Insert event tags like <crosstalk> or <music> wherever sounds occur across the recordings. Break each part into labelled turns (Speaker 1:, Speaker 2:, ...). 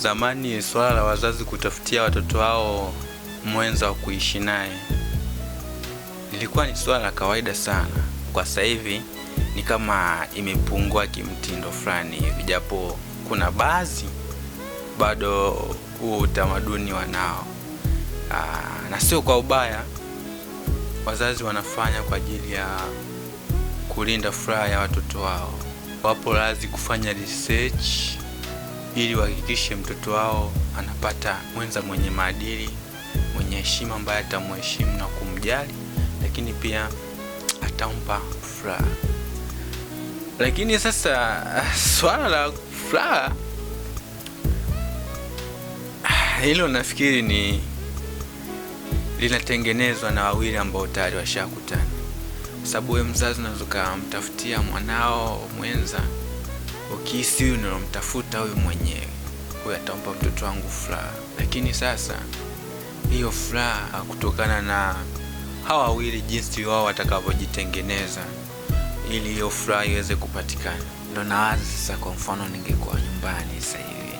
Speaker 1: Zamani swala la wazazi kutafutia watoto wao mwenza wa kuishi naye ilikuwa ni swala la kawaida sana. Kwa sasa hivi ni kama imepungua kimtindo fulani vijapo kuna baadhi bado huo utamaduni wanao. Aa, na sio kwa ubaya, wazazi wanafanya kwa ajili ya kulinda furaha ya watoto wao, wapo razi kufanya research ili wahakikishe mtoto wao anapata mwenza mwenye maadili, mwenye heshima, ambaye atamheshimu na kumjali, lakini pia atampa furaha. Lakini sasa <laughs> swala la furaha <sighs> hilo nafikiri ni linatengenezwa na wawili ambao tayari washakutana, kwa sababu wewe mzazi unaweza ukamtafutia mwanao mwenza ukihisi huyu unamtafuta huyu mwenyewe, huyu atampa mtoto wangu furaha. Lakini sasa hiyo furaha kutokana na hawa wawili, jinsi wao watakavyojitengeneza ili hiyo furaha iweze kupatikana, ndo nawazi sasa. Kwa mfano, ningekuwa nyumbani sasa hivi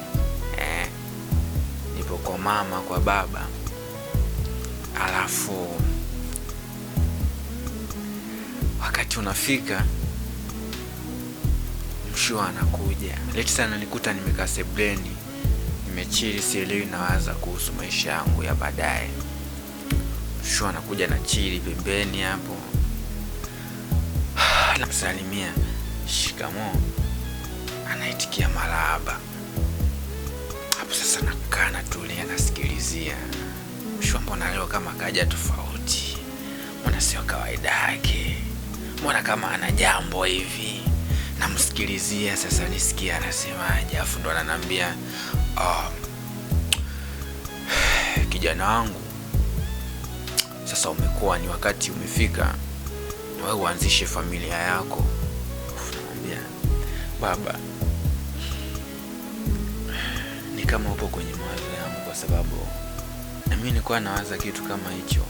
Speaker 1: eh, nipo kwa mama, kwa baba, alafu wakati unafika sure anakuja. Leti sana nikuta nimekaa sebleni nimechili, sielewi, nawaza kuhusu maisha yangu ya baadaye. Sure anakuja na chili pembeni hapo, <sighs> namsalimia shikamo anaitikia marahaba. Hapo sasa nakaa natulia, nasikilizia Shua, mbona leo kama kaja tofauti? Mbona sio kawaida yake? Mbona kama ana jambo hivi? namsikilizia sasa, nisikie anasemaje, afu ndo ananiambia um, <sighs> kijana wangu, sasa umekuwa ni wakati umefika wewe uanzishe familia yako. Namwambia baba, ni kama upo kwenye mawazo yangu, kwa sababu na mimi nilikuwa nawaza kitu kama hicho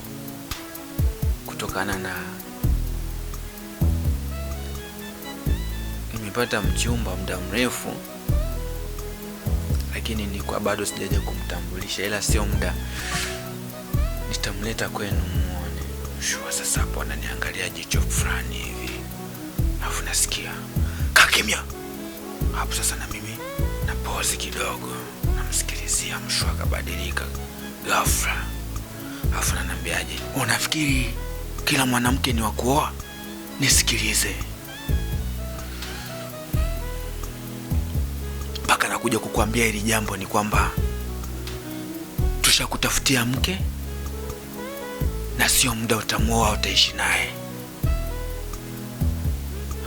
Speaker 1: kutokana na nimepata mchumba muda mrefu, lakini nilikuwa bado sijaja kumtambulisha, ila sio muda nitamleta kwenu muone. Shua sasa hapo ananiangalia jicho fulani hivi, alafu nasikia kakimya hapo. Sasa na mimi napozi kidogo, namsikilizia. Mshua akabadilika ghafla, alafu ananiambiaje, unafikiri kila mwanamke ni wa kuoa? Nisikilize. nimekuja kukuambia hili jambo ni kwamba tushakutafutia mke na sio muda utamwoa, utaishi naye.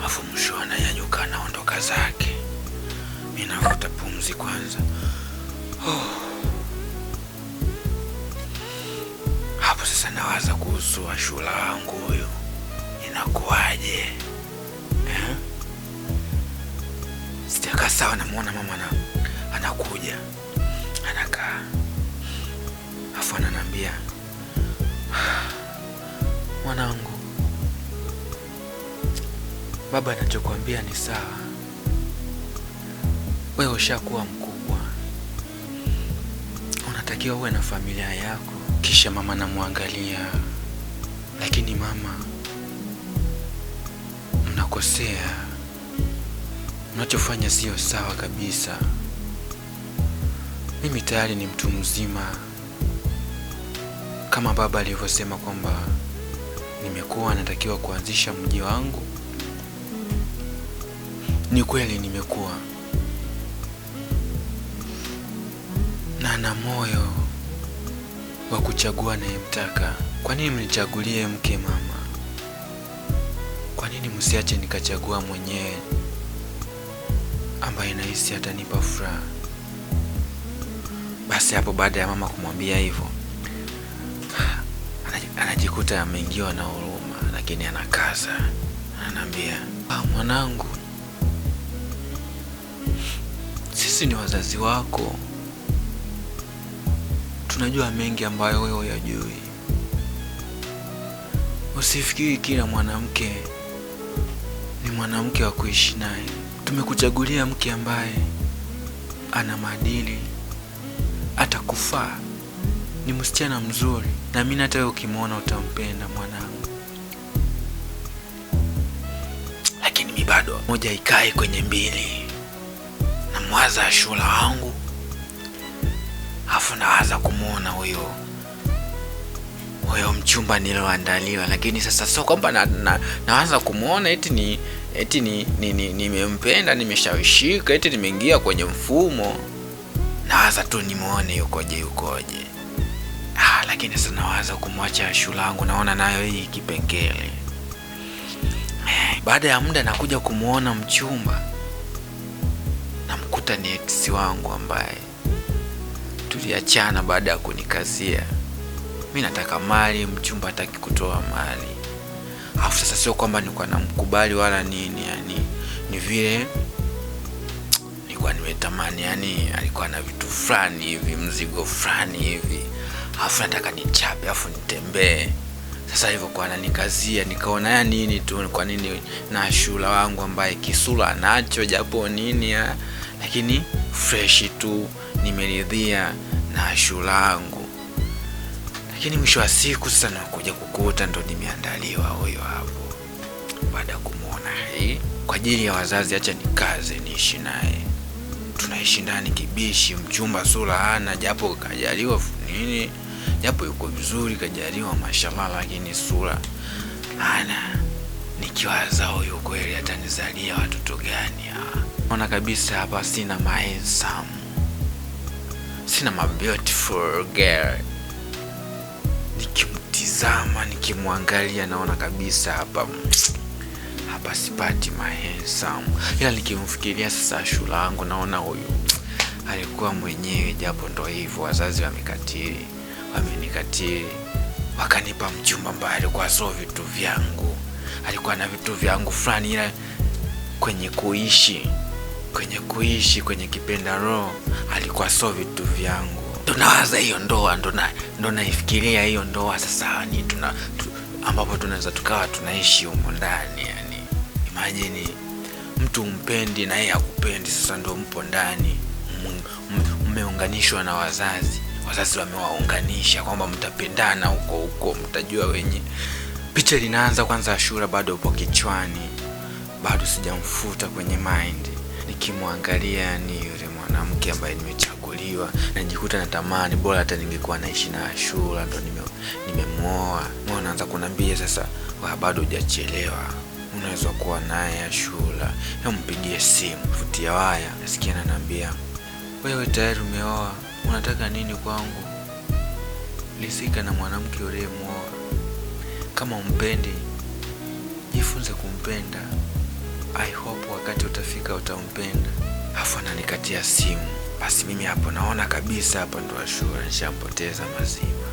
Speaker 1: Afu msho ananyanyuka anaondoka zake. Mi navuta pumzi kwanza. Oh. Hapo sasa nawaza kuhusu Ashura wangu huyu, inakuwaje eh? Sitakaa sawa, namwona mama na baba anachokwambia ni sawa. Wewe ushakuwa mkubwa, unatakiwa uwe na familia yako. Kisha mama namwangalia, lakini mama, mnakosea. Mnachofanya sio sawa kabisa. Mimi tayari ni mtu mzima kama baba alivyosema kwamba nimekuwa natakiwa kuanzisha mji wangu ni kweli nimekuwa na na moyo wa kuchagua nayemtaka. Kwa nini mnichagulie mke mama? Kwa nini msiache nikachagua mwenyewe ambaye nahisi atanipa furaha? Basi hapo baada ya mama kumwambia hivyo, anajikuta ameingiwa na huruma, lakini anakaza, ananiambia ah, mwanangu sisi ni wazazi wako, tunajua mengi ambayo wewe hujui. Usifikiri kila mwanamke ni mwanamke wa kuishi naye. Tumekuchagulia mke ambaye ana maadili, atakufaa, ni msichana mzuri, na mimi hata wewe ukimwona utampenda mwanangu. Lakini mi bado moja ikae kwenye mbili namwaza Ashura wangu, afu nawaza kumwona huyo huyo mchumba niloandaliwa, lakini sasa sio kwamba na, na, naanza kumwona eti ni eti ni nimempenda ni, ni nimeshawishika eti nimeingia kwenye mfumo. Nawaza tu nimwone yukoje yukoje. Ah, lakini sasa nawaza kumwacha shule wangu naona nayo hii kipengele. Eh, baada ya muda nakuja kumwona mchumba Anayefuata ni ex wangu ambaye tuliachana baada ya kunikazia. Mi nataka mali, mchumba hataki kutoa mali. Alafu sasa sio kwamba nilikuwa namkubali wala nini, yani ni vile nilikuwa nimetamani, yani alikuwa na vitu fulani hivi, mzigo fulani hivi, alafu nataka nichape, alafu nitembee sasa hivyo kwa ananikazia, nikaona ya nini tu, kwa nini na shula wangu ambaye kisula nacho japo nini ya, lakini fresh tu nimeridhia na shula yangu, lakini mwisho wa siku sasa nakuja kukuta ndo nimeandaliwa huyo hapo, baada ya kumwona hii kwa ajili ya wazazi, acha nikaze niishi naye tunaishi ndani kibishi, mchumba sura ana japo kajaliwa nini japo yuko vizuri, kajaliwa mashallah, lakini sura ana nikiwaza huyu kweli atanizalia watoto gani Ona kabisa hapa sina ma sina ma beautiful girl. Nikimtizama nikimwangalia, naona kabisa hapa hapa sipati ma ila nikimfikiria sasa shule yangu, naona huyu alikuwa mwenyewe, japo ndo hivyo wazazi wamekatili wamenikatili, wakanipa mchumba ambaye alikuwa so vitu vyangu, alikuwa na vitu vyangu fulani, ila kwenye kuishi kwenye kuishi kwenye kipenda roho alikuwa so vitu vyangu. Tunawaza hiyo ndoa, ndo naifikiria hiyo ndoa sasa ni yaani tuna tu, ambapo tunaweza tukawa tunaishi humo ndani yani. imajini mtu umpendi na yeye akupendi, sasa ndo mpo ndani, mmeunganishwa na wazazi wazazi wamewaunganisha kwamba mtapendana huko huko, mtajua wenye. Picha linaanza kwanza, Ashura bado upo kichwani, bado sijamfuta kwenye mind. Nikimwangalia ni yule mwanamke ambaye nimechaguliwa, najikuta natamani bora hata ningekuwa naishi na Ashura, ndo nimemwoa. Nime naanza kunambia sasa, bado hujachelewa unaweza kuwa naye Ashura, mpigie simu, futia waya. Nasikia nanaambia wewe tayari umeoa. Unataka nini kwangu? Lisika na mwanamke uliyemwoa. Kama umpendi, jifunze kumpenda. I hope wakati utafika utampenda. Afu ananikatia simu. Basi mimi hapo naona kabisa hapa ndo ashura nishampoteza mazima.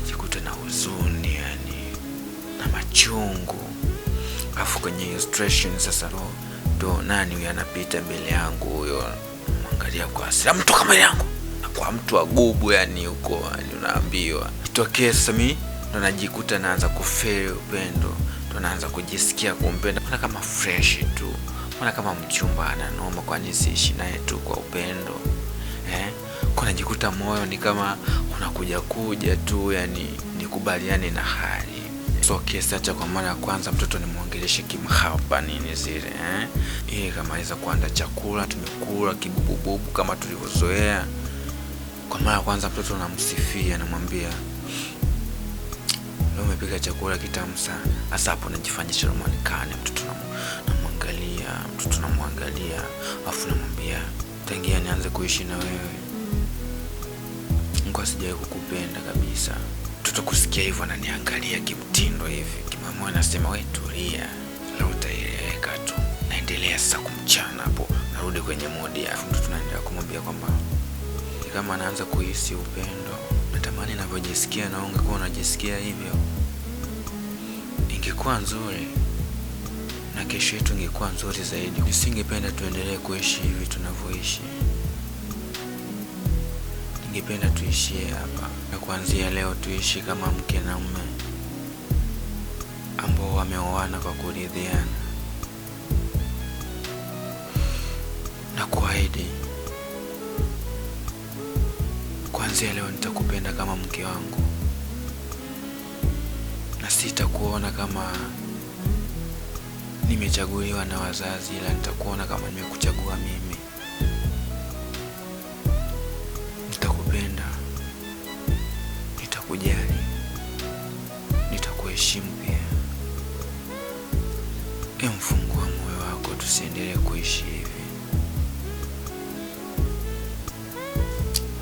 Speaker 1: Najikuta na huzuni yani na machungu. Afu kwenye illustration sasa ndo nani huyo anapita mbele yangu huyo kuangalia kwa asira mtu kama yangu na kwa mtu wa gubu, yani huko yani unaambiwa itokee. Sasa mimi ndo najikuta naanza kufeli upendo, ndo naanza kujisikia kumpenda, mbona kama fresh tu, mbona kama mchumba ananoma, kwani siishi naye tu kwa upendo eh? Kwa moyo ni kama unakuja kuja tu, yani nikubaliane na hali So kiasi hacha kwa mara ya kwanza mtoto nimwongeleshe kimhaba nini zile eh? Ili kamaliza kuanda chakula, tumekula kibububu kama tulivyozoea. Kwa mara ya kwanza mtoto namsifia, namwambia leo umepika chakula kitamu sana. Hasa hapo najifanyisha romanikani, mtoto namwangalia, mtoto namwangalia, afu namwambia tangia nianze kuishi na wewe, Mungu mm. asijawahi kukupenda kabisa tu kusikia hivyo ananiangalia kimtindo hivi. kimamu anasema we, tulia, la utaieleweka tu. Naendelea sasa kumchana hapo, narudi kwenye modi ya mtu, tunaendelea kumwambia kwamba kama anaanza kuhisi upendo, natamani navyojisikia na ungekuwa unajisikia hivyo, ingekuwa nzuri na kesho yetu ingekuwa nzuri zaidi. Nisingependa tuendelee kuishi hivi tunavyoishi ningependa tuishie hapa, na kuanzia leo tuishi kama mke na mume ambao wameoana kwa kuridhiana, na kuahidi kuanzia leo nitakupenda kama mke wangu na sitakuona kama nimechaguliwa na wazazi, ila nitakuona kama nimekuchagua mimi. tusiendelee kuishi hivi.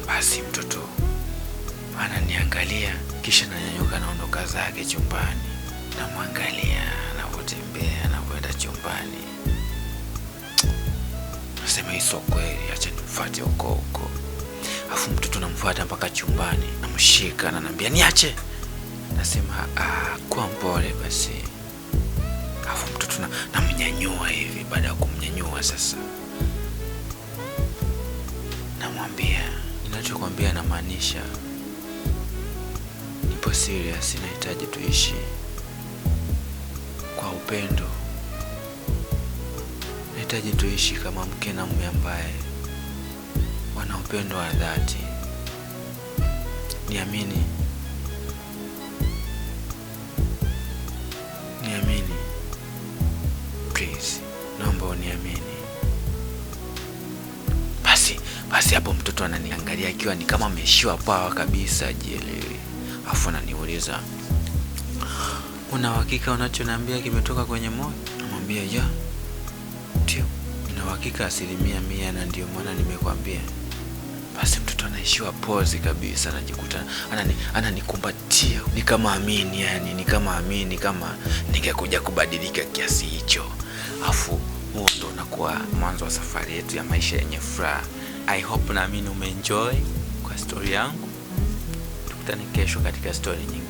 Speaker 1: Basi mtoto ananiangalia kisha nanyanyuka, naondoka zake chumbani, namwangalia anavyotembea, anavyoenda chumbani, nasema hii sio kweli, acha tufuate huko huko. Afu mtoto namfuata mpaka chumbani, namshika na niache, nasema ah, kuwa mpole basi Alafu mtoto namnyanyua hivi, baada ya kumnyanyua sasa namwambia ninachokwambia namaanisha, nipo serious, nahitaji tuishi kwa upendo, nahitaji tuishi kama mke na mume ambaye wana upendo wa dhati. Niamini, niamini usiponiamini. Basi basi, hapo mtoto ananiangalia akiwa ni kama ameshiwa pawa kabisa, ajielewi, afu ananiuliza una uhakika unachoniambia kimetoka kwenye moyo? Namwambia ya ndio, una uhakika asilimia mia, na ndio maana nimekwambia. Basi mtoto anaishiwa pozi kabisa, anajikuta ananikumbatia, anani ni kama amini, yani ni kama amini, kama ningekuja kubadilika kiasi hicho afu huo ndo unakuwa mwanzo wa safari yetu ya maisha yenye furaha. I hope naamini umeenjoy kwa stori yangu, tukutane kesho katika stori nyingine.